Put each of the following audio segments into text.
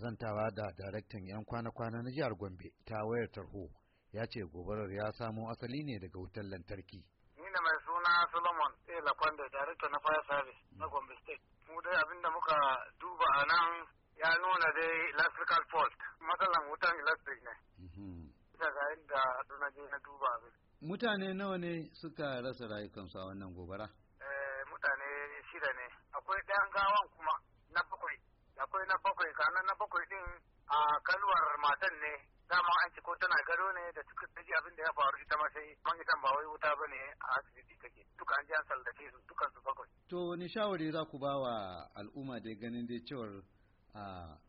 kazantawa da daraktan 'yan kwana-kwana na jihar Gombe ta wayar tarho ya ce gobarar ya samo asali ne daga wutar lantarki. Ni ne mai suna Solomon A. Lakwande, darakta na Fire Service na Gombe State. Mu dai abinda muka duba a nan ya nuna dai electrical fault, matsalan wutan electric ne. Daga mhm. inda suna je na duba abin. Mutane nawa ne suka rasa rayukansu a wannan gobara? Eh, mutane shida ne, akwai ɗayan gawan kuma. akwai na bakwai kanan na bakwai din a kalwar matan ne dama an ci ko tana gado ne da suka abin da ya faru ita ma sai man ita ba wai wuta bane a asibiti kake duka an ji an sallake su dukan su bakwai to ni shawari za ku ba wa al'umma dai ganin dai cewar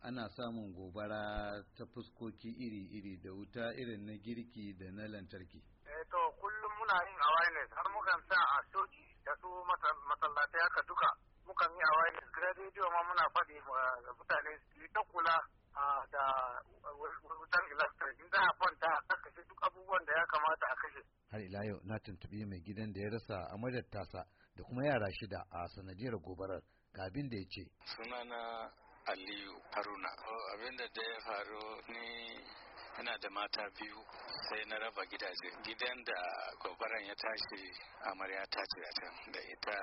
ana samun gobara ta fuskoki iri-iri da wuta irin na girki da na lantarki eh, to kullum muna yin awareness har mukan sa a soji da su masallatai haka duka muka yi a wireless gidan rediyo ma muna faɗi ga mutane su yi ta kula da wutan electric in za a kwanta a kashe duk abubuwan da ya kamata a kashe. Har ila yau na tuntuɓi mai gidan da ya rasa a madar tasa da kuma yara shida a sanadiyar gobarar ga abin da ya ce. Sunana Aliyu Haruna. Abin da ya faru ni yana da mata biyu sai na raba gidaje gidan da gobaran ya tashi amarya ta ce da ita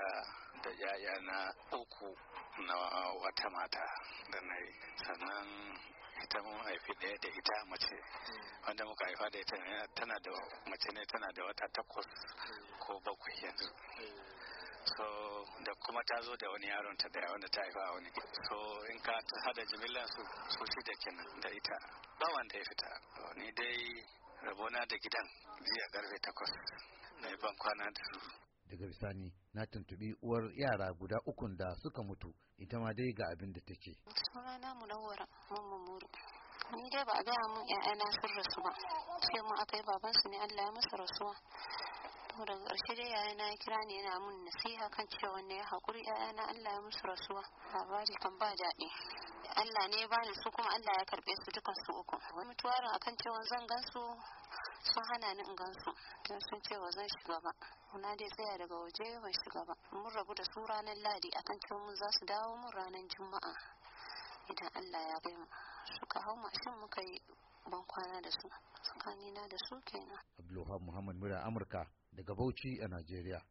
da yaya na uku na wata mata da na yi sannan ita mun haifi ɗaya da ita mace hmm. wanda muka haifa da ita tana da mace ne tana da wata takwas hmm. ko bakwai yanzu hmm. so da kuma ta zo da wani yaron ta da wanda ta haifa wani so in ka hada jimillan su su da kenan da ita ba wanda ya fita ni dai rabona da gidan biya karfe takwas na ban kwana da su daga bisani na tuntubi uwar yara guda ukun da suka mutu ita ma dai ga abin da take sunana munawwara mamman muru ni dai ba a gaya mun 'ya'yana sun rasu ba sai mu aka yi baban su ne Allah ya masa rasuwa to daga ƙarshe dai yayana ya kira ni yana mun nasiha kan cewa wanne ya haƙuri 'ya'yana Allah ya musu rasuwa labari kan ba daɗi Allah ne ya bani su kuma Allah ya karɓe su dukan su uku mutuwarin akan cewa zan gan su sun hana ni in gansu don sun ce wa zan shiga ba na dai tsaya daga waje ban shiga ba mun rabu da su ranar ladi akan cewa mun za su dawo mun ranar juma'a idan allah ya bai mu suka hau mashin muka yi ban kwana da su tsakanina da su kenan abdulhamid muhammad mura amurka daga bauchi a najeriya